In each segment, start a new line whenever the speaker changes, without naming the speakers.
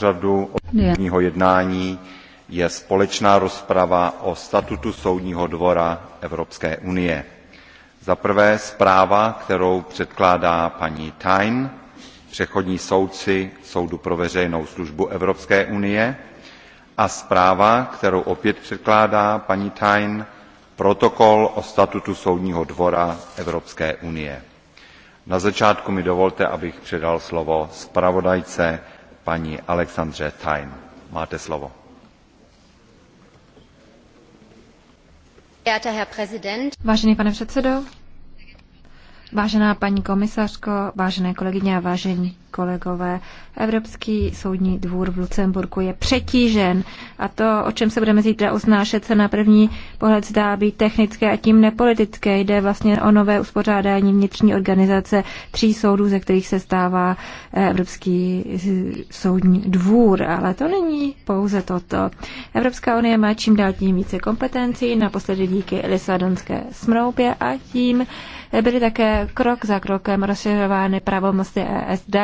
pořadu dnešního jednání je společná rozprava o statutu Soudního dvora Evropské unie. Za prvé zpráva, kterou předkládá paní Tain, přechodní soudci Soudu pro veřejnou službu Evropské unie, a zpráva, kterou opět předkládá paní Tain, protokol o statutu Soudního dvora Evropské unie. Na začátku mi dovolte, abych předal slovo zpravodajce paní Alexandře Tajn. Máte slovo.
Vážený pane předsedo, vážená paní komisařko, vážené kolegyně a vážení kolegové. Evropský soudní dvůr v Lucemburku je přetížen a to, o čem se budeme zítra usnášet, se na první pohled zdá být technické a tím nepolitické. Jde vlastně o nové uspořádání vnitřní organizace tří soudů, ze kterých se stává eh, Evropský soudní dvůr. Ale to není pouze toto. Evropská unie má čím dál tím více kompetencí, naposledy díky Lisabonské smlouvě a tím byly také krok za krokem rozšiřovány pravomoci ESD.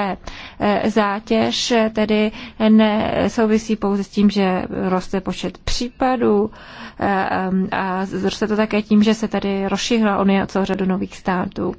Eh, zátěž eh, tedy nesouvisí pouze s tím, že roste počet případů eh, a roste to také tím, že se tady rozšířila Unie o celou řadu nových států.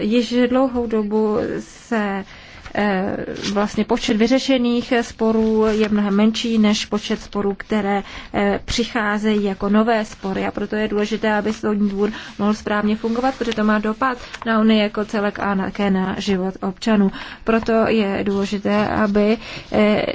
Již dlouhou dobu se Eh, vlastně počet vyřešených sporů je mnohem menší než počet sporů, které eh, přicházejí jako nové spory. A proto je důležité, aby soudní dvůr mohl správně fungovat, protože to má dopad na Unii jako celek a také na život občanů. Proto je důležité, aby eh,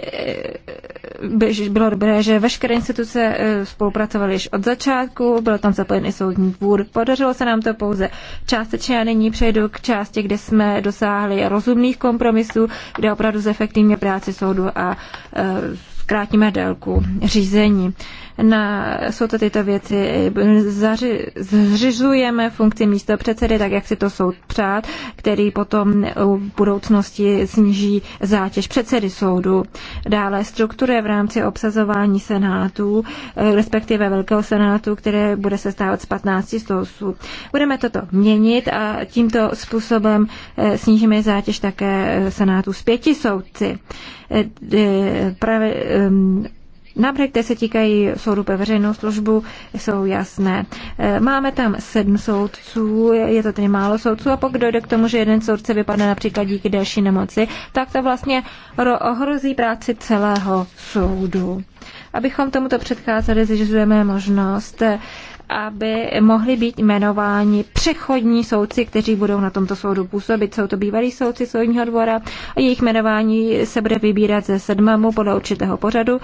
bylo dobré, že veškeré instituce spolupracovaly již od začátku, byl tam zapojen i soudní dvůr. Podařilo se nám to pouze částečně a nyní přejdu k části, kde jsme dosáhli rozumných kompromisů kompromisu, kde opravdu zefektivně práci soudu a e, zkrátíme délku řízení na, jsou to tyto věci. Zaři, zřizujeme funkci místo předsedy, tak jak si to soud přát, který potom v budoucnosti sníží zátěž předsedy soudu. Dále struktury v rámci obsazování senátů, eh, respektive Velkého senátu, které bude se stávat z 15 soudců. Budeme toto měnit a tímto způsobem eh, snížíme zátěž také eh, senátu z pěti soudci. Právě ehm, Návrhy, které se týkají soudu pro veřejnou službu, jsou jasné. E, máme tam sedm soudců, je to tedy málo soudců a pokud dojde k tomu, že jeden soudce vypadne například díky další nemoci, tak to vlastně ohrozí práci celého soudu. Abychom tomuto předcházeli, zjišťujeme možnost e, aby mohli být jmenováni přechodní soudci, kteří budou na tomto soudu působit. Jsou to bývalí soudci soudního dvora a jejich jmenování se bude vybírat ze sedmamu podle určitého pořadu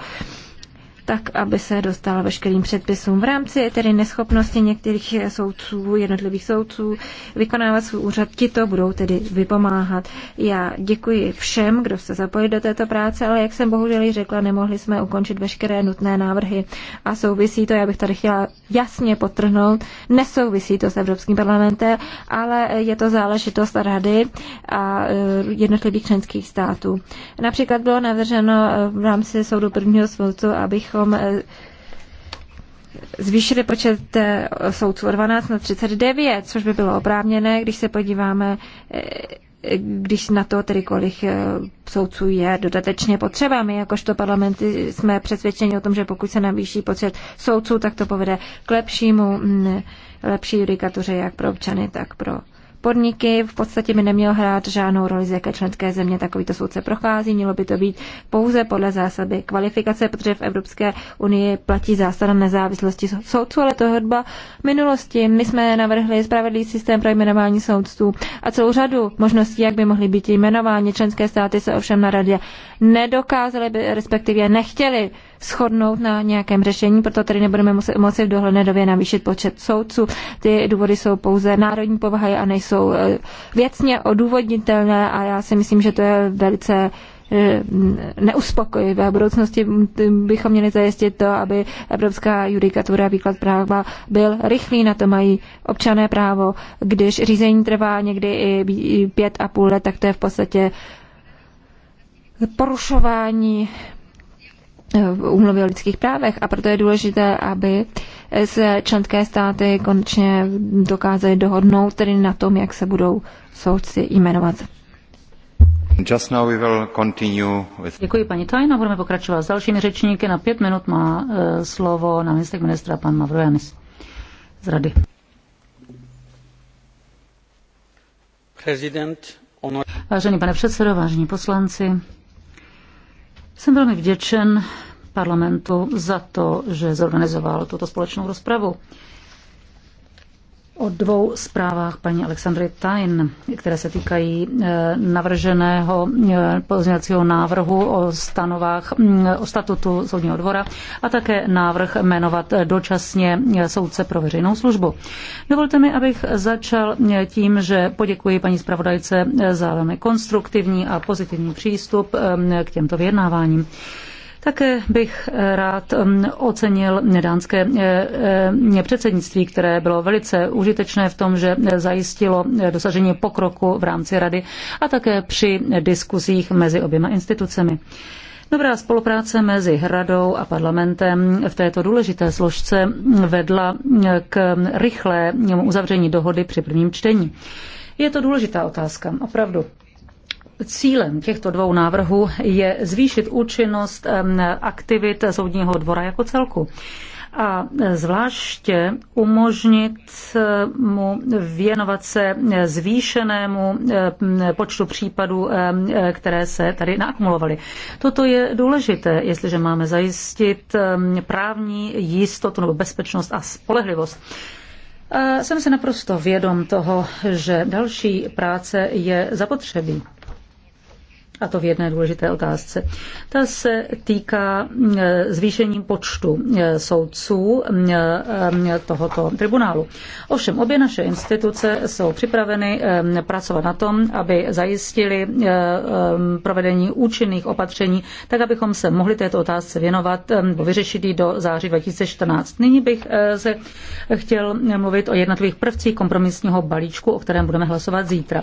tak aby se dostal veškerým předpisům. V rámci tedy neschopnosti některých soudců, jednotlivých soudců vykonávat svůj úřad, ti to budou tedy vypomáhat. Já děkuji všem, kdo se zapojili do této práce, ale jak jsem bohužel řekla, nemohli jsme ukončit veškeré nutné návrhy. A souvisí to, já bych tady chtěla jasně potrhnout, nesouvisí to s Evropským parlamentem, ale je to záležitost rady a e, jednotlivých členských států. Například bylo navrženo e, v rámci soudu prvního soudcu, abychom abychom eh, zvýšili počet eh, soudců o 12 na 39, což by bylo oprávněné, když se podíváme, eh, když na to tedy kolik soudců je dodatečně potřeba. My jakožto parlamenty jsme přesvědčeni o tom, že pokud se navýší počet soudců, tak to povede k lepšímu, mm, lepší judikatuře jak pro občany, tak pro podniky. V podstatě by neměl hrát žádnou roli, z jaké členské země takovýto soudce prochází. Mělo by to být pouze podle zásady kvalifikace, protože v Evropské unii platí zásada nezávislosti soudců, ale to je minulosti. My jsme navrhli spravedlivý systém pro jmenování soudců a celou řadu možností, jak by mohly být jmenováni. Členské státy se ovšem na radě nedokázaly, respektive nechtěly shodnout na nějakém řešení, proto tady nebudeme muset, moci v dohledné době navýšit počet soudců. Ty důvody jsou pouze národní povahy a nejsou eh, věcně odůvodnitelné a já si myslím, že to je velice eh, neuspokojivé. V budoucnosti bychom měli zajistit to, aby evropská judikatura výklad práva byl rychlý, na to mají občané právo. Když řízení trvá někdy i pět a půl let, tak to je v podstatě porušování úmluvy o lidských právech a proto je důležité, aby se členské státy konečně dokázaly dohodnout tedy na tom, jak
se budou soudci jmenovat.
Just now we will continue with...
Děkuji paní Tajna, budeme pokračovat s dalšími řečníky. Na pět minut má uh, slovo náměstek ministra pan Mavrojanis z Rady.
President, ono...
Vážený pane předsedo, vážení poslanci, jsem velmi vděčen parlamentu za to, že zorganizoval tuto společnou rozpravu o dvou zprávách paní Alexandry Tain, které se týkají eh, navrženého eh, pozměňovacího návrhu o stanovách, mm, o statutu soudního dvora a také návrh jmenovat dočasně eh, soudce pro veřejnou službu. Dovolte mi, abych začal tím, že poděkuji paní zpravodajce za velmi konstruktivní a pozitivní přístup k těmto vyjednáváním. Také bych eh, rád mm, ocenil dánské eh, eh, předsednictví, které bylo velice užitečné v tom, že zajistilo dosažení pokroku v rámci rady a také při diskuzích mezi oběma institucemi. Dobrá spolupráce mezi radou a parlamentem v této důležité složce vedla k rychlému mm, uzavření dohody při prvním čtení. Je to důležitá otázka, opravdu. Cílem těchto dvou návrhů je zvýšit účinnost aktivit soudního dvora jako celku a zvláště umožnit mu věnovat se zvýšenému počtu případů, které se tady naakumulovaly. Toto je důležité, jestliže máme zajistit právní jistotu nebo bezpečnost a spolehlivost. Jsem se naprosto vědom toho, že další práce je zapotřebí a to v jedné důležité otázce. Ta se týká e, zvýšení počtu e, soudců e, tohoto tribunálu. Ovšem, obě naše instituce jsou připraveny pracovat na tom, aby zajistili provedení účinných opatření, tak abychom se mohli této otázce věnovat nebo vyřešit ji do září 2014. Nyní bych se chtěl mluvit o jednotlivých prvcích kompromisního balíčku, o kterém budeme hlasovat zítra.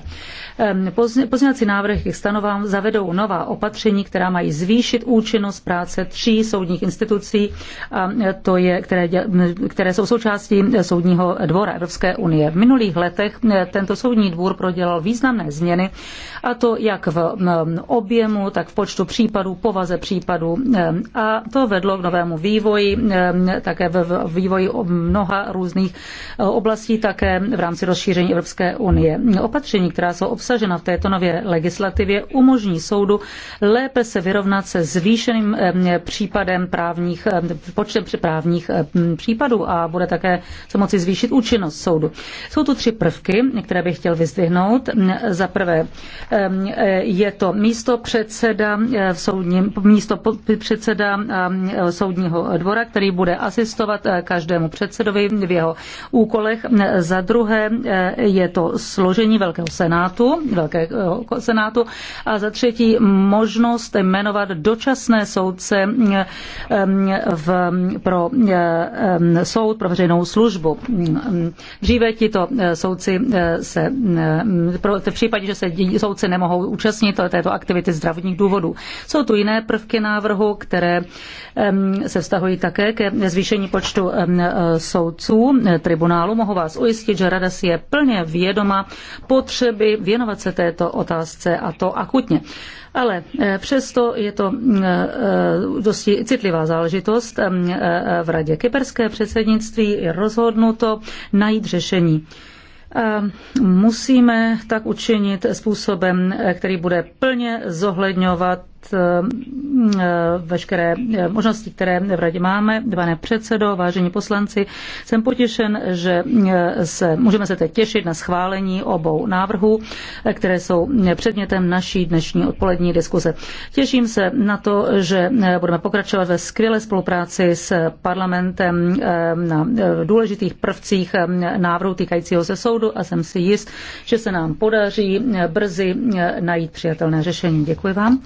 Pozněvací návrh k stanovám zavedení zavedou nová opatření, která mají zvýšit účinnost práce tří soudních institucí, a to je, které, které jsou součástí Soudního dvora Evropské unie. V minulých letech tento soudní dvůr prodělal významné změny, a to jak v objemu, tak v počtu případů, povaze případů. A to vedlo k novému vývoji, také v vývoji mnoha různých e, oblastí, také v rámci rozšíření Evropské unie. Opatření, která jsou obsažena v této nové legislativě, umožní ústavní soudu lépe se vyrovnat se zvýšeným eh, případem právních, eh, počtem právních eh, případů a bude také se moci zvýšit účinnost soudu. Jsou tu tři prvky, které bych chtěl vyzdvihnout. Za prvé je to místo předseda, v soudním, místo předseda soudního dvora, který bude asistovat každému předsedovi v jeho úkolech. Za druhé je to složení Velkého senátu, Velkého senátu a za třetí třetí možnost jmenovat dočasné soudce eh, eh, v, pro eh, soud pro veřejnou službu. Dříve tito soudci se, v případě, že se soudci nemohou účastnit této aktivity zdravotních důvodů. Jsou tu jiné prvky návrhu, které se vztahují také ke zvýšení počtu soudců tribunálu. Mohu vás ujistit, že Rada si je plně vědoma potřeby věnovat se této otázce a to akutně. Ale eh, přesto je to eh, eh, dosti citlivá záležitost. V Radě Kyperské předsednictví je rozhodnuto najít řešení. Musíme tak učinit způsobem, který bude plně zohledňovat Eh, veškeré možnosti, které v radě máme. Pane předsedo, vážení poslanci, jsem potěšen, že eh, se, můžeme se teď těšit na schválení obou návrhů, eh, které jsou předmětem naší dnešní odpolední diskuse. Těším se na to, že budeme pokračovat ve skvělé spolupráci s parlamentem na důležitých prvcích návrhu týkajícího se soudu a jsem si jist, že se nám podaří brzy najít přijatelné řešení. Děkuji vám.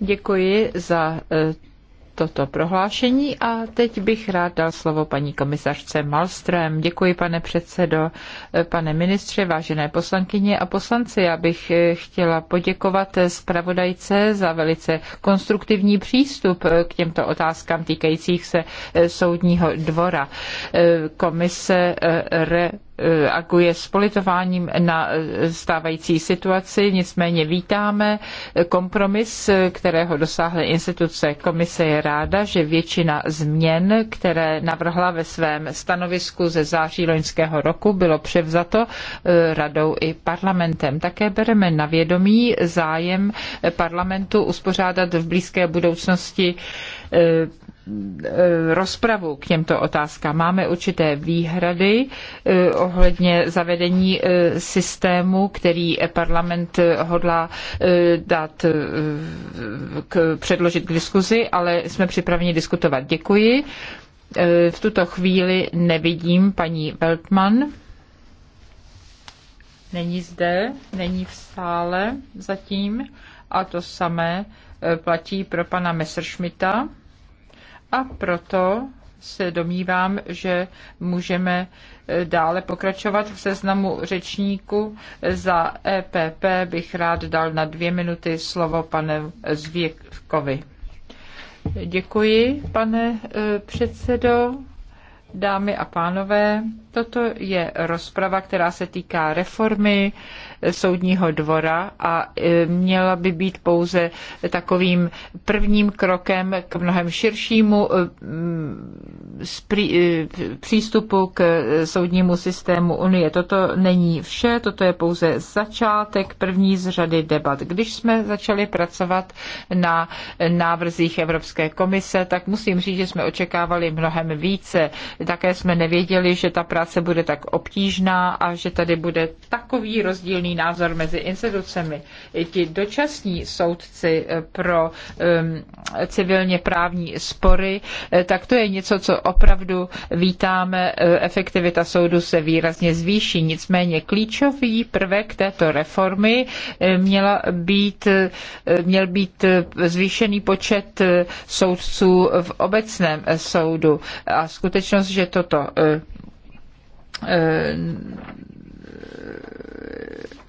Děkuji za eh, toto prohlášení a teď bych rád dal slovo paní komisařce Malström. Děkuji, pane předsedo, eh, pane ministře, vážené poslankyně a poslanci. Já bych eh, chtěla poděkovat zpravodajce za velice konstruktivní přístup k těmto otázkám týkajících se soudního dvora. Komise re aguje s politováním na stávající situaci, nicméně vítáme kompromis, kterého dosáhly instituce. Komise je ráda, že většina změn, které navrhla ve svém stanovisku ze září loňského roku, bylo převzato eh, radou i parlamentem. Také bereme na vědomí zájem parlamentu uspořádat v blízké budoucnosti eh, Eh, rozpravu k těmto otázkám. Máme určité výhrady eh, ohledně zavedení eh, systému, který parlament hodlá dát k, předložit k diskuzi, ale jsme připraveni diskutovat. Děkuji. V tuto chvíli nevidím paní Weltmann. Není zde, není v sále zatím a to samé platí pro pana Messerschmitta. A proto se domnívám, že můžeme eh, dále pokračovat v seznamu řečníků. Za EPP bych rád dal na dvě minuty slovo panu Zvěkovi. Děkuji, pane eh, předsedo. Dámy a pánové, toto je rozprava, která se týká reformy soudního dvora a e, měla by být pouze takovým prvním krokem k mnohem širšímu e, e, přístupu k soudnímu systému Unie. Toto není vše, toto je pouze začátek první z řady debat. Když jsme začali pracovat na návrzích Evropské komise, tak musím říct, že jsme očekávali mnohem více. Také jsme nevěděli, že ta práce bude tak obtížná a že tady bude takový rozdílný rozdílný názor mezi institucemi. Ti dočasní soudci eh, pro ehm, civilně právní spory, eh, tak to je něco, co opravdu vítáme. Eh, efektivita soudu se výrazně zvýší. Nicméně klíčový prvek této reformy měla být, měl být zvýšený počet soudců v obecném soudu. A skutečnost, že toto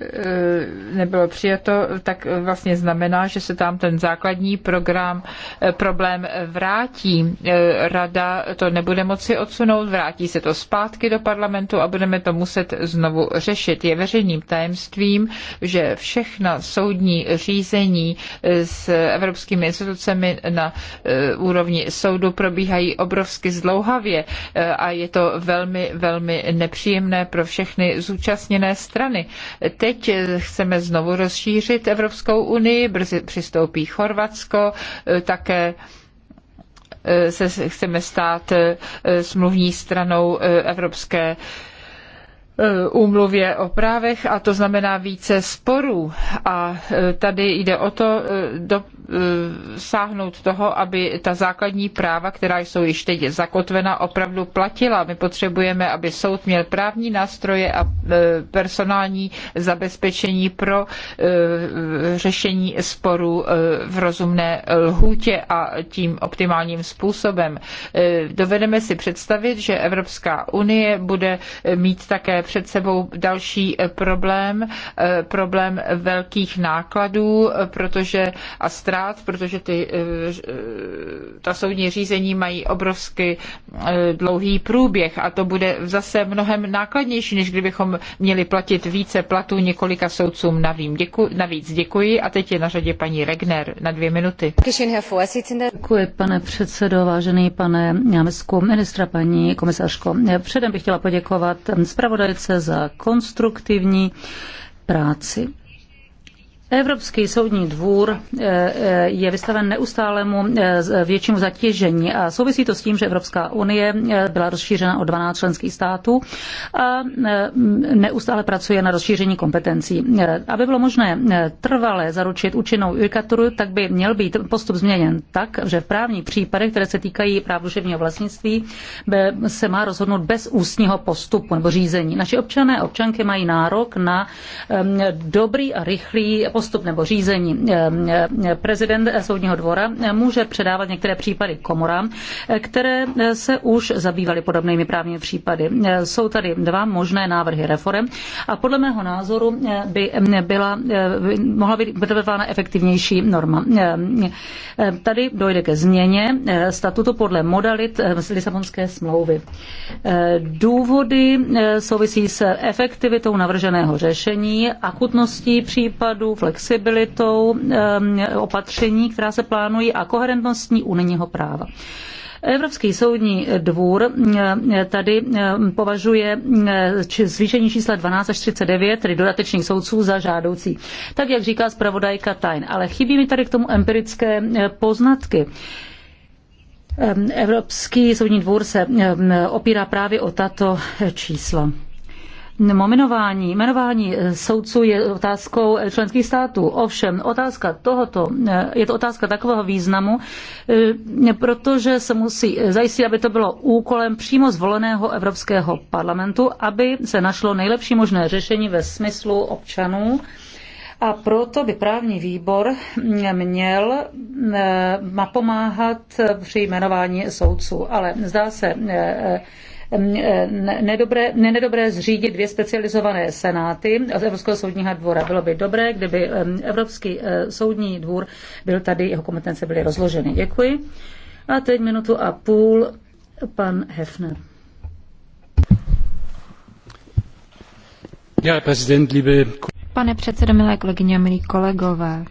Eh, nebylo přijato, tak vlastně znamená, že se tam ten základní program, eh, problém vrátí. Eh, rada to nebude moci odsunout, vrátí se to zpátky do parlamentu a budeme to muset znovu řešit. Je veřejným tajemstvím, že všechna soudní řízení s evropskými institucemi na úrovni soudu probíhají obrovsky zdlouhavě a je to velmi, velmi nepříjemné pro všechny zúčastněné strany. Teď Teď chceme znovu rozšířit Evropskou unii, brzy přistoupí Chorvatsko, e, také e, se chceme stát e, smluvní stranou Evropské úmluvě o právech a to znamená více sporů. A tady jde o to do, Eh, sáhnout toho, aby ta základní práva, která jsou již teď zakotvena, opravdu platila. My potřebujeme, aby soud měl právní nástroje a eh, personální zabezpečení pro eh, řešení sporů v rozumné lhůtě a tím optimálním způsobem. Dovedeme si představit, že Evropská unie bude mít také před sebou další problém, problém velkých nákladů, protože Astra stát, protože ty, eh, eh, ta soudní řízení mají obrovsky eh, dlouhý průběh a to bude zase mnohem nákladnější, než kdybychom měli platit více platů několika soudcům navíc děkuji a teď je na řadě paní Regner na dvě minuty.
Děkuji, pane předsedo, vážený pane náměstku ministra, paní komisařko. Předem bych chtěla poděkovat zpravodajce za konstruktivní práci. Evropský soudní dvůr eh, eh, je vystaven neustálému eh, většímu zatěžení a souvisí to s tím, že Evropská unie byla rozšířena o 12 členských států a neustále pracuje na rozšíření kompetencí. Aby bylo možné trvale zaručit účinnou judikaturu, tak by měl být postup změněn tak, že v právních případech, které se týkají práv duševního vlastnictví, se má rozhodnout bez ústního postupu nebo řízení. Naši občané a občanky mají nárok na ehm, dobrý a rychlý postup nebo řízení. Eh, eh, prezident soudního dvora může předávat některé případy komorám, eh, které se už zabývaly podobnými právními případy. Jsou tady dva možné návrhy reform a podle mého názoru by byla, mohla být vytvořena efektivnější norma. Tady dojde ke změně statutu podle modalit z Lisabonské smlouvy. Důvody souvisí s efektivitou navrženého řešení, akutností případů, flexibilitou opatření, která se plánují a koherentností unijního práva. Evropský soudní dvůr tady považuje zvýšení čísla 12 až 39, tedy dodatečných soudců, za žádoucí. Tak, jak říká zpravodajka Tajn. Ale chybí mi tady k tomu empirické poznatky. Evropský soudní dvůr se opírá právě o tato čísla jmenování, jmenování eh, soudců je otázkou eh, členských států. Ovšem, otázka tohoto, eh, je to otázka takového významu, protože se musí zajistit, aby to bylo úkolem přímo zvoleného Evropského parlamentu, aby se našlo nejlepší možné řešení ve smyslu občanů, a proto by právní výbor měl napomáhat při jmenování soudců. Ale zdá se Eh, nedobré, nedobré zřídit dvě specializované senáty z Evropského soudního dvora. Bylo by dobré, kdyby Evropský eh, soudní dvůr byl tady, jeho kompetence byly rozloženy. Děkuji. A teď minutu a půl pan Hefner.
Pane předsedo, milé kolegyně a milí kolegové,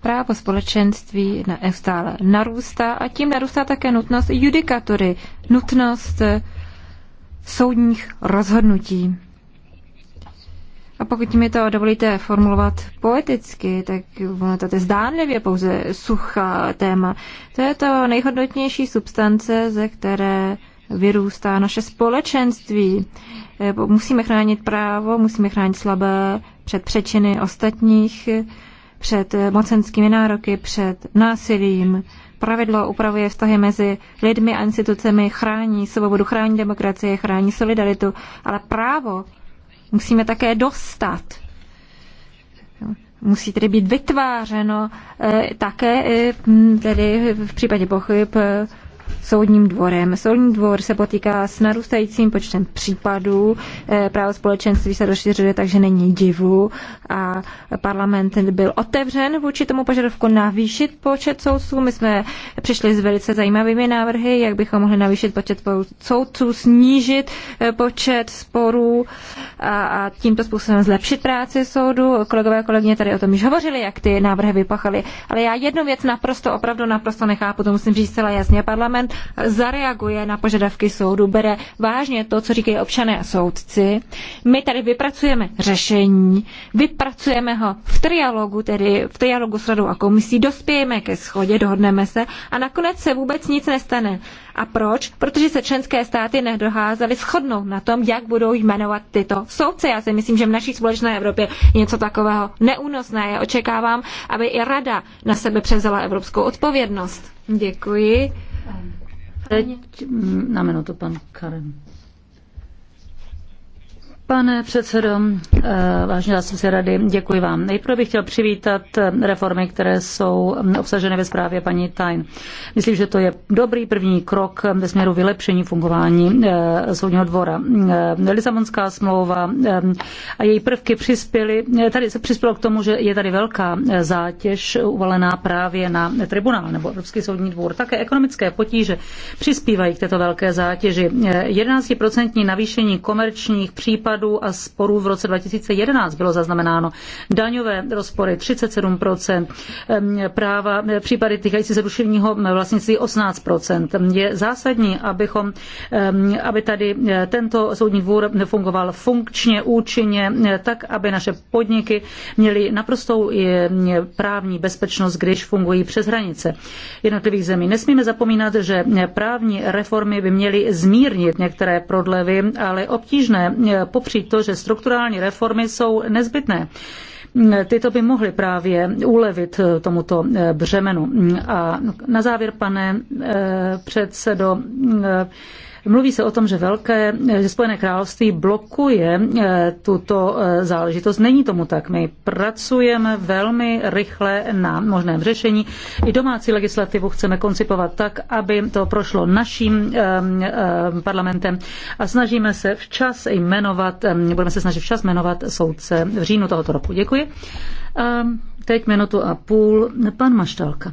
právo společenství neustále narůstá a tím narůstá také nutnost judikatury, nutnost soudních rozhodnutí. A pokud mi to dovolíte formulovat poeticky, tak ono to je zdánlivě pouze suchá téma. To je to nejhodnotnější substance, ze které vyrůstá naše společenství. Eh, musíme chránit právo, musíme chránit slabé před přečiny ostatních, před mocenskými nároky, před násilím, pravidlo upravuje vztahy mezi lidmi a institucemi, chrání svobodu, chrání demokracie, chrání solidaritu, ale právo musíme také dostat. Musí tedy být vytvářeno eh, také eh, tedy v případě pochyb eh, soudním dvorem. Soudní dvor se potýká s narůstajícím počtem případů, eh, právo společenství se rozšiřuje, takže není divu a parlament byl otevřen vůči tomu požadavku navýšit počet soudců. My jsme přišli s velice zajímavými návrhy, jak bychom mohli navýšit počet soudců, snížit eh, počet sporů a, a tímto způsobem zlepšit práci soudu. Kolegové a kolegyně tady o tom již hovořili, jak ty návrhy vypachaly. Ale já jednu věc naprosto, opravdu naprosto nechápu, to musím říct zcela jasně. Parlament parlament zareaguje na požadavky soudu, bere vážně to, co říkají občané a soudci. My tady vypracujeme řešení, vypracujeme ho v trialogu, tedy v trialogu s radou a komisí, dospějeme ke schodě, dohodneme se a nakonec se vůbec nic nestane. A proč? Protože se členské státy nedoházaly shodnout na tom, jak budou jmenovat tyto soudce. Já si myslím, že v naší společné Evropě je něco takového neúnosné. Já očekávám, aby i rada na sebe převzala evropskou odpovědnost. Děkuji. Teď
na minutu pan Karem. Pane předsedo, eh, vážení zástupci rady, děkuji vám. Nejprve bych chtěl přivítat eh, reformy, které jsou hm, obsaženy ve zprávě paní Tajn. Myslím, že to je dobrý první krok hm, ve směru vylepšení fungování eh, soudního dvora. Lisabonská smlouva hm, a její prvky přispěly, tady se přispělo k tomu, že je tady velká zátěž uvalená právě na tribunál nebo Evropský soudní dvůr. Také ekonomické potíže přispívají k této velké zátěži. 11% navýšení komerčních případů případů a sporů v roce 2011 bylo zaznamenáno. Daňové rozpory 37%, práva, případy týkající se duševního vlastnictví 18%. Je zásadní, abychom, aby tady tento soudní dvůr fungoval funkčně, účinně, tak, aby naše podniky měly naprostou právní bezpečnost, když fungují přes hranice jednotlivých zemí. Nesmíme zapomínat, že právní reformy by měly zmírnit některé prodlevy, ale obtížné po popřít to, že strukturální reformy jsou nezbytné tyto by mohly právě ulevit tomuto eh, břemenu. A na závěr, pane eh, předsedo, eh, Mluví se o tom, že velké, že Spojené království blokuje eh, tuto eh, záležitost. Není tomu tak. My pracujeme velmi rychle na možném řešení. I domácí legislativu chceme koncipovat tak, aby to prošlo naším eh, parlamentem a snažíme se včas jmenovat, budeme se snažit včas jmenovat soudce v říjnu tohoto roku. Děkuji. teď minutu a půl pan Maštálka.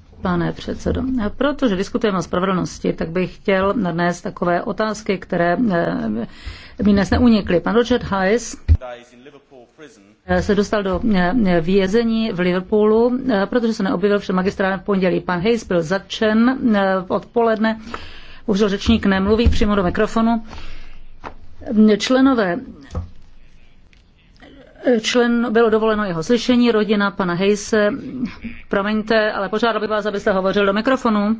pane předsedo. Protože diskutujeme o spravedlnosti, tak bych chtěl dnes takové otázky, které eh, mi dnes neunikly. Pan Richard Hayes eh, se dostal do eh, vězení v Liverpoolu, protože se neobjevil před magistrálem v pondělí. Pan Hayes byl zatčen odpoledne. Bohužel řečník nemluví přímo do mikrofonu. Členové člen, bylo dovoleno jeho slyšení, rodina pana Hejse. Promiňte, ale požádal bych vás, abyste hovořil do mikrofonu.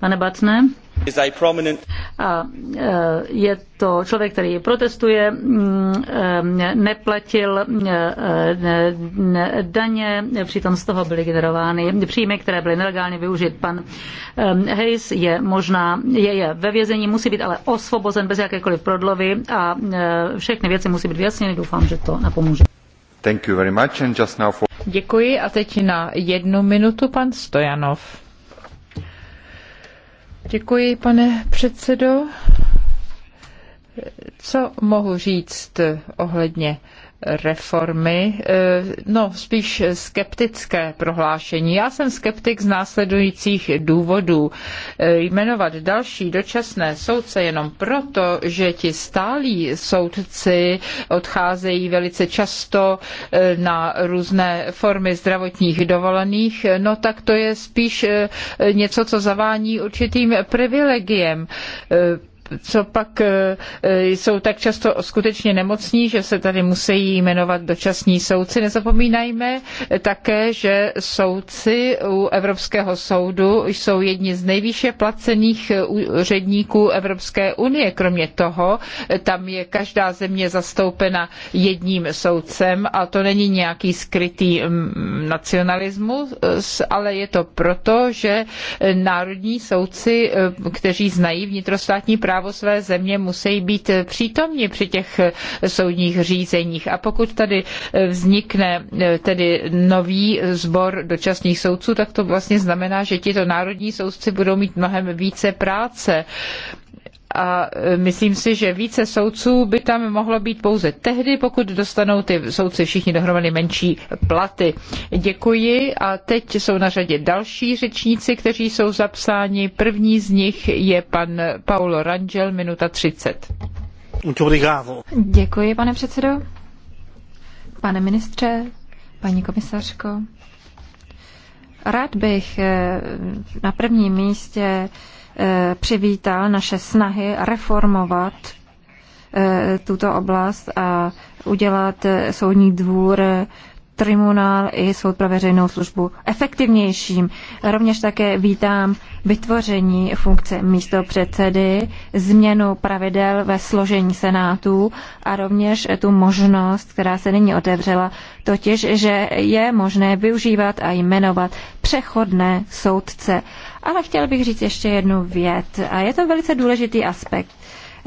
Pane Batne.
Eh,
je to člověk, který protestuje, mm, eh, neplatil eh, daně, přitom z toho byly generovány příjmy, které byly nelegálně využit. Pan Hayes je možná, je, je ve vězení, musí být ale osvobozen bez jakékoliv prodlovy a všechny věci musí být vyjasněny.
Doufám, že to napomůže. Děkuji a teď na jednu minutu pan Stojanov. Děkuji, pane předsedo. Co mohu říct ohledně reformy, eh, no spíš skeptické prohlášení. Já jsem skeptik z následujících důvodů. Eh, jmenovat další dočasné soudce jenom proto, že ti stálí soudci odcházejí velice často eh, na různé formy zdravotních dovolených, no tak to je spíš něco, co zavání určitým privilegiem co pak eh, eh, jsou tak často skutečně nemocní, že se tady musí jmenovat dočasní soudci. Nezapomínajme také, že soudci u Evropského soudu jsou jedni z nejvýše placených úředníků eh, Evropské unie. Kromě toho, tam je každá země zastoupena jedním soudcem a to není nějaký skrytý mm, nacionalismus, ale je to proto, že národní soudci, kteří znají vnitrostátní právo, právo své země musí být přítomni při těch soudních řízeních. A pokud tady vznikne eh, tedy nový sbor dočasných soudců, tak to vlastně znamená, že tito národní soudci budou mít mnohem více práce a e, myslím si, že více soudců by tam mohlo být pouze tehdy, pokud dostanou ty soudci všichni dohromady menší platy. Děkuji a teď jsou na řadě další řečníci, kteří jsou zapsáni. První z nich je pan Paulo Rangel, minuta 30. Děkuji, pane předsedo. Pane ministře, paní komisařko,
rád bych e, na prvním místě Eh, přivítal naše snahy reformovat eh, tuto oblast a udělat eh, soudní dvůr tribunál i soud pro veřejnou službu efektivnějším. Rovněž také vítám vytvoření funkce místo předsedy, změnu pravidel ve složení senátů a rovněž tu možnost, která se nyní otevřela, totiž, že je možné využívat a jmenovat přechodné soudce. Ale chtěl bych říct ještě jednu věc a je to velice důležitý aspekt.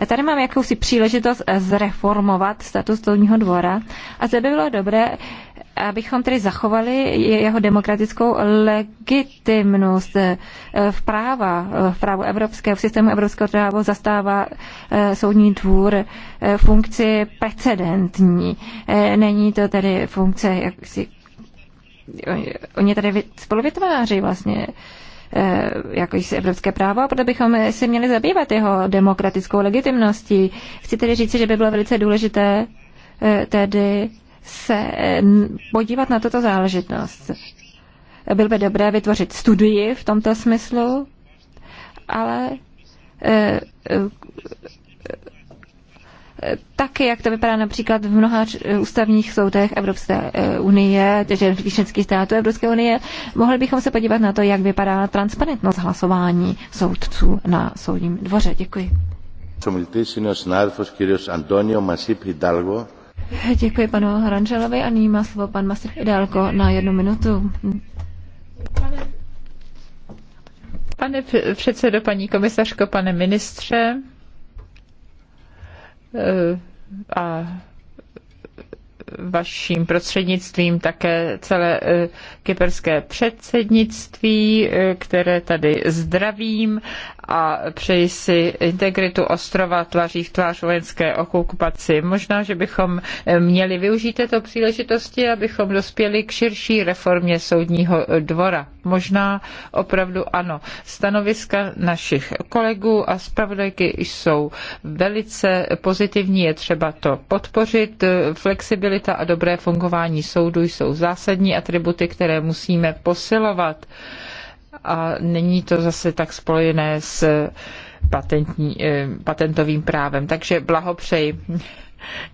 Tady mám jakousi příležitost zreformovat status soudního dvora a zde by bylo dobré abychom tedy zachovali jeho demokratickou legitimnost eh, v práva, eh, v právu evropského, v systému evropského práva zastává eh, soudní dvůr funkci precedentní. Není to tedy funkce, jak si, oni tady spoluvytváří vlastně jako jsi evropské právo a proto bychom se měli zabývat jeho demokratickou legitimností. Chci tedy říct, že by bylo velice důležité tedy se eh, podívat na tuto záležitost. Bylo by dobré vytvořit studii v tomto smyslu, ale eh, eh, taky, jak to vypadá například v mnoha ústavních soudech Evropské unie, tedy členských států Evropské unie, mohli bychom se podívat na to, jak vypadá transparentnost hlasování soudců na soudním dvoře. Děkuji. Děkuji panu Haranželovi a nyní má slovo pan Masr Ideálko na jednu minutu.
Pane předsedo, paní komisařko, pane ministře eh, a vaším prostřednictvím také celé e, kyperské předsednictví, e, které tady zdravím a přeji si integritu ostrova tváří v tvář vojenské okupaci. Možná, že bychom e, měli využít této příležitosti, abychom dospěli k širší reformě soudního dvora. Možná opravdu ano. Stanoviska našich kolegů a zpravodajky jsou velice pozitivní, je třeba to podpořit, flexibilit stabilita a dobré fungování soudu jsou zásadní atributy, které musíme posilovat. A není to zase tak spojené s patentní, eh, patentovým právem. Takže blahopřeji.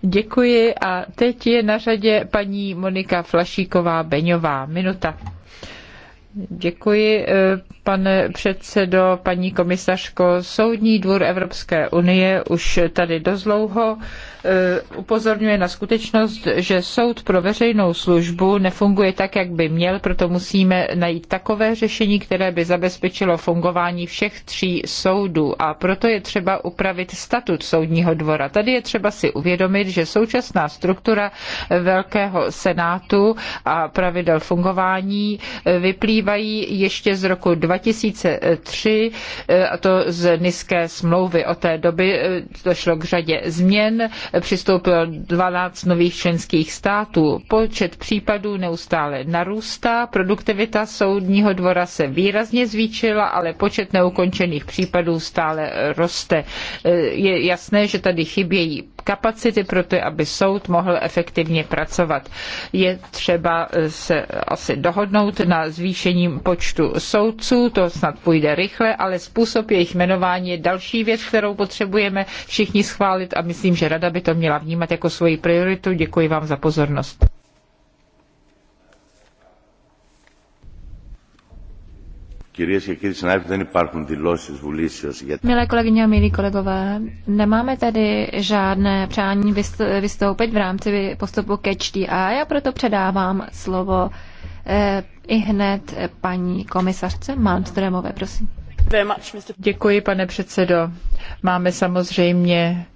Děkuji a teď je na řadě paní Monika Flašíková-Beňová. Minuta. Děkuji, eh, pane předsedo, paní komisařko. Soudní dvůr Evropské unie už tady dost dlouho eh, upozorňuje na skutečnost, že soud pro veřejnou službu nefunguje tak, jak by měl, proto musíme najít takové řešení, které by zabezpečilo fungování všech tří soudů a proto je třeba upravit statut soudního dvora. Tady je třeba si uvědomit, že současná struktura Velkého senátu a pravidel fungování eh, vyplývá vyplývají ještě z roku 2003, eh, a to z Niské smlouvy. Od té doby eh, došlo k řadě změn, přistoupilo 12 nových členských států. Počet případů neustále narůstá, produktivita soudního dvora se výrazně zvýšila, ale počet neukončených případů stále roste. Eh, je jasné, že tady chybějí kapacity pro to, aby soud mohl efektivně pracovat. Je třeba se asi dohodnout na zvýšení zvýšením počtu soudců, to snad půjde rychle, ale způsob jejich jmenování je další věc, kterou potřebujeme všichni schválit a myslím, že rada by to měla vnímat jako svoji prioritu. Děkuji vám za pozornost. Milé kolegyně a milí
kolegové, nemáme tady žádné přání vystoupit v rámci postupu Catch the Eye a proto předávám slovo Eh, i hned eh,
paní komisařce Malmströmové, prosím. Děkuji, pane předsedo. Máme samozřejmě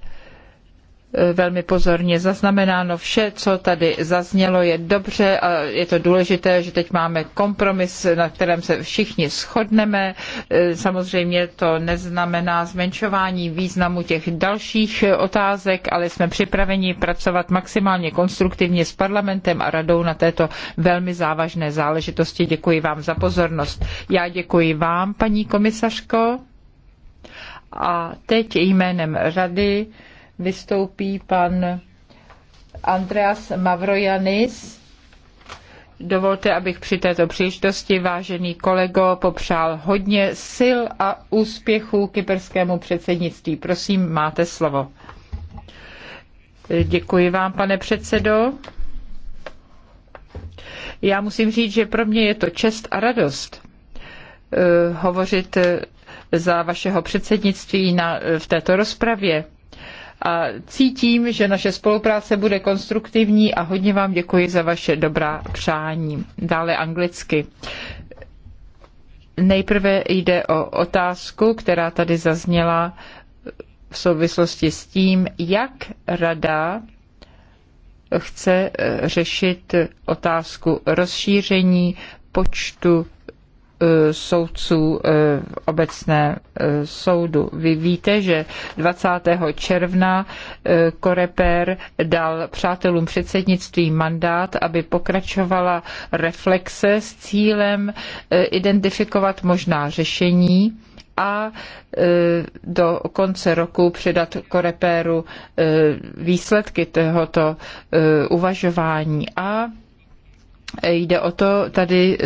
velmi pozorně zaznamenáno. Vše, co tady zaznělo, je dobře a je to důležité, že teď máme kompromis, na kterém se všichni shodneme. E, samozřejmě to neznamená zmenšování významu těch dalších otázek, ale jsme připraveni pracovat maximálně konstruktivně s parlamentem a radou na této velmi závažné záležitosti. Děkuji vám za pozornost. Já děkuji vám, paní komisařko. A teď jménem rady vystoupí pan Andreas Mavrojanis. Dovolte, abych při této příležitosti, vážený kolego, popřál hodně sil a úspěchů kyperskému předsednictví. Prosím, máte slovo. Děkuji vám, pane předsedo. Já musím říct, že pro mě je to čest a radost eh, hovořit za vašeho předsednictví na, v této rozpravě a cítím, že naše spolupráce bude konstruktivní a hodně vám děkuji za vaše dobrá přání. Dále anglicky. Nejprve jde o otázku, která tady zazněla v souvislosti s tím, jak rada chce eh, řešit otázku rozšíření počtu Eh, soudců eh, obecné eh, soudu. Vy víte, že 20. června Koreper dal přátelům předsednictví mandát, aby pokračovala reflexe s cílem identifikovat možná řešení a do konce roku předat Korepéru výsledky tohoto uvažování a Jde o to tady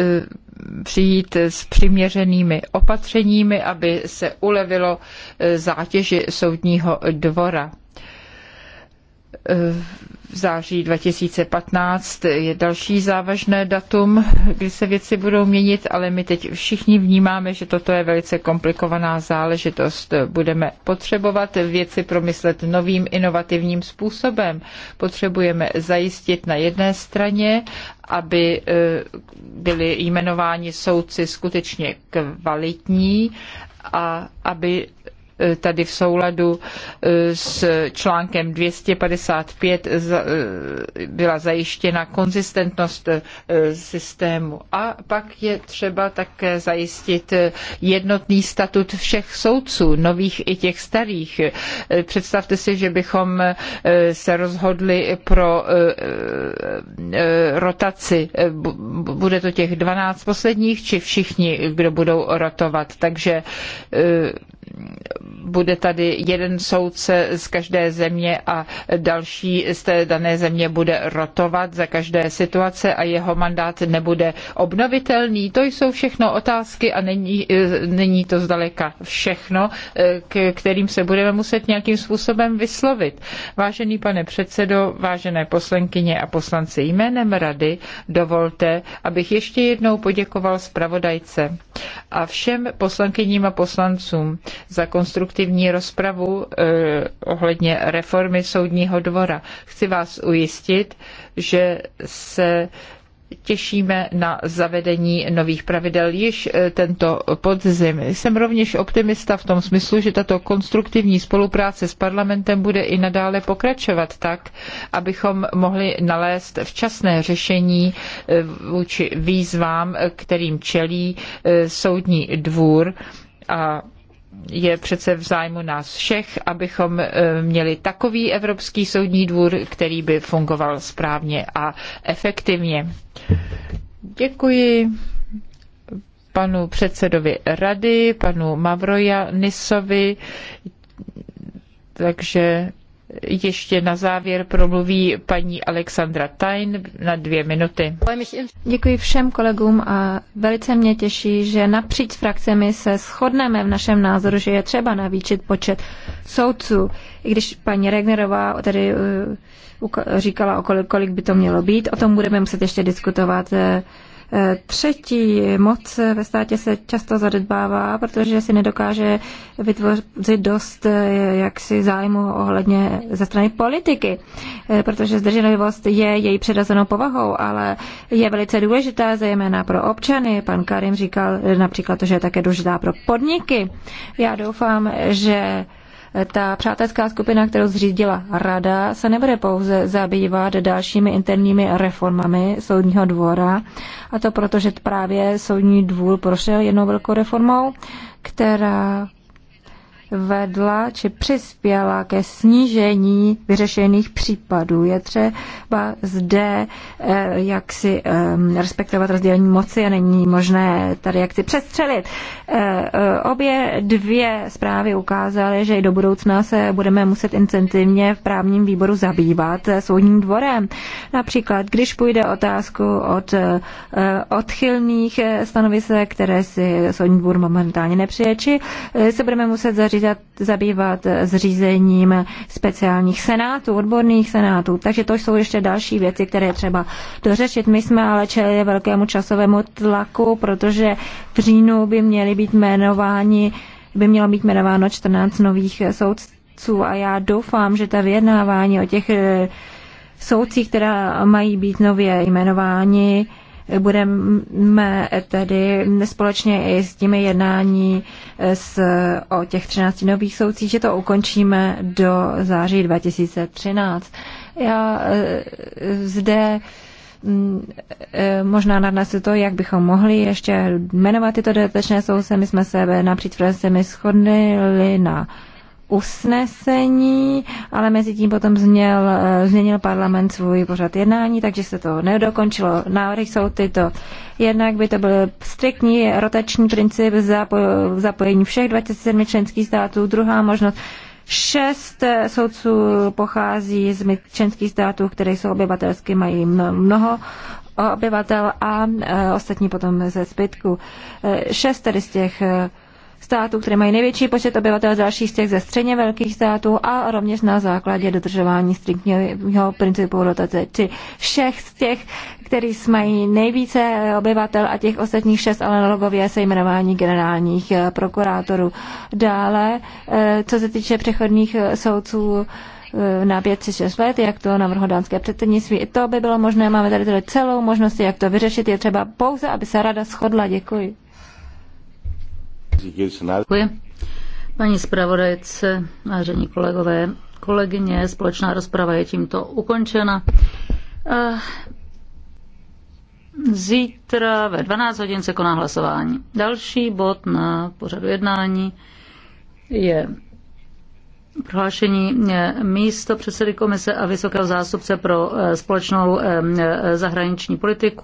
přijít s přiměřenými opatřeními, aby se ulevilo e, zátěži soudního dvora v září 2015 je další závažné datum, kdy se věci budou měnit, ale my teď všichni vnímáme, že toto je velice komplikovaná záležitost. Budeme potřebovat věci promyslet novým inovativním způsobem. Potřebujeme zajistit na jedné straně, aby eh, byli jmenováni soudci skutečně kvalitní a aby tady v souladu e, s článkem 255 e, byla zajištěna konzistentnost e, systému. A pak je třeba také zajistit jednotný statut všech soudců, nových i těch starých. Představte si, že bychom se rozhodli pro rotaci. Bude to těch 12 posledních, či všichni, kdo budou rotovat. Takže bude tady jeden soudce z každé země a další z té dané země bude rotovat za každé situace a jeho mandát nebude obnovitelný. To jsou všechno otázky a není, není to zdaleka všechno, k kterým se budeme muset nějakým způsobem vyslovit. Vážený pane předsedo, vážené poslankyně a poslanci, jménem Rady dovolte, abych ještě jednou poděkoval zpravodajce a všem poslankyním a poslancům za konstruktivní rozpravu eh, ohledně reformy soudního dvora. Chci vás ujistit, že se těšíme na zavedení nových pravidel již eh, tento podzim. Jsem rovněž optimista v tom smyslu, že tato konstruktivní spolupráce s parlamentem bude i nadále pokračovat tak, abychom mohli nalézt včasné řešení eh, vůči výzvám, kterým čelí soudní dvůr a je přece v zájmu nás všech, abychom eh, měli takový Evropský soudní dvůr, který by fungoval správně a efektivně. Děkuji panu předsedovi rady, panu Mavroja Takže ještě na závěr promluví paní Alexandra Tain na dvě minuty.
Děkuji všem kolegům a velice mě těší, že napříč frakcemi se shodneme v našem názoru, že je třeba navýšit počet soudců. I když paní Regnerová tady eh, říkala, o kolik, kolik by to mělo být, o tom budeme muset ještě diskutovat eh, Třetí moc ve státě se často zadedbává, protože si nedokáže vytvořit dost eh, jaksi zájmu ohledně ze strany politiky, eh, protože zdrženlivost je její přirozenou povahou, ale je velice důležitá zejména pro občany. Pan Karim říkal například že je také důležitá pro podniky. Já doufám, že ta přátelská skupina, kterou zřídila rada, se nebude pouze zabývat dalšími interními reformami soudního dvora, a to proto, že právě soudní dvůr prošel jednou velkou reformou, která vedla či přispěla ke snížení vyřešených případů. Je třeba zde eh, jak si eh, respektovat rozdělení moci a není možné tady jak si přestřelit. Eh, obě dvě zprávy ukázaly, že i do budoucna se budeme muset incentivně v právním výboru zabývat soudním dvorem. Například, když půjde otázku od odchylných stanovisek, které si soudní dvůr momentálně eh, se budeme muset zařídit zabývat zřízením speciálních senátů, odborných senátů. Takže to jsou ještě další věci, které třeba dořešit. My jsme ale čelili velkému časovému tlaku, protože v říjnu by měly být jmenováni, by mělo být jmenováno 14 nových soudců a já doufám, že ta vyjednávání o těch eh, soudcích, která mají být nově jmenováni, Budeme tedy společně i s těmi jednání e, s, o těch 13 nových soudcích, že to ukončíme do září 2013. Já e, zde mm, e, možná nadnesu to, jak bychom mohli ještě jmenovat tyto dodatečné soudce. My jsme se napříč se shodnili na usnesení, ale mezi tím potom změl, eh, změnil parlament svůj pořad jednání, takže se to nedokončilo. Návrhy jsou tyto. Jednak by to byl striktní rotační princip zapojení všech 27 členských států. Druhá možnost Šest eh, soudců pochází z členských států, které jsou obyvatelsky, mají mnoho obyvatel a eh, ostatní potom ze zbytku. Šest tedy z těch států, které mají největší počet obyvatel, dalších z těch ze středně velkých států a rovněž na základě dodržování striktního principu rotace. Či všech z těch, který mají nejvíce obyvatel a těch ostatních šest analogově se jmenování generálních eh, prokurátorů. Dále, eh, co se týče přechodných eh, soudců, na 5 či 6 let, jak to navrhlo dánské předsednictví. I to by bylo možné, máme tady, tady celou možnost, jak to vyřešit. Je třeba pouze, aby se rada shodla. Děkuji.
Děkuji.
Paní zpravodajce, vážení kolegové, kolegyně, společná rozprava je tímto ukončena. Zítra ve 12 hodin se koná hlasování. Další bod na pořadu jednání je prohlášení místo předsedy komise a vysokého zástupce pro eh, společnou eh, zahraniční politiku.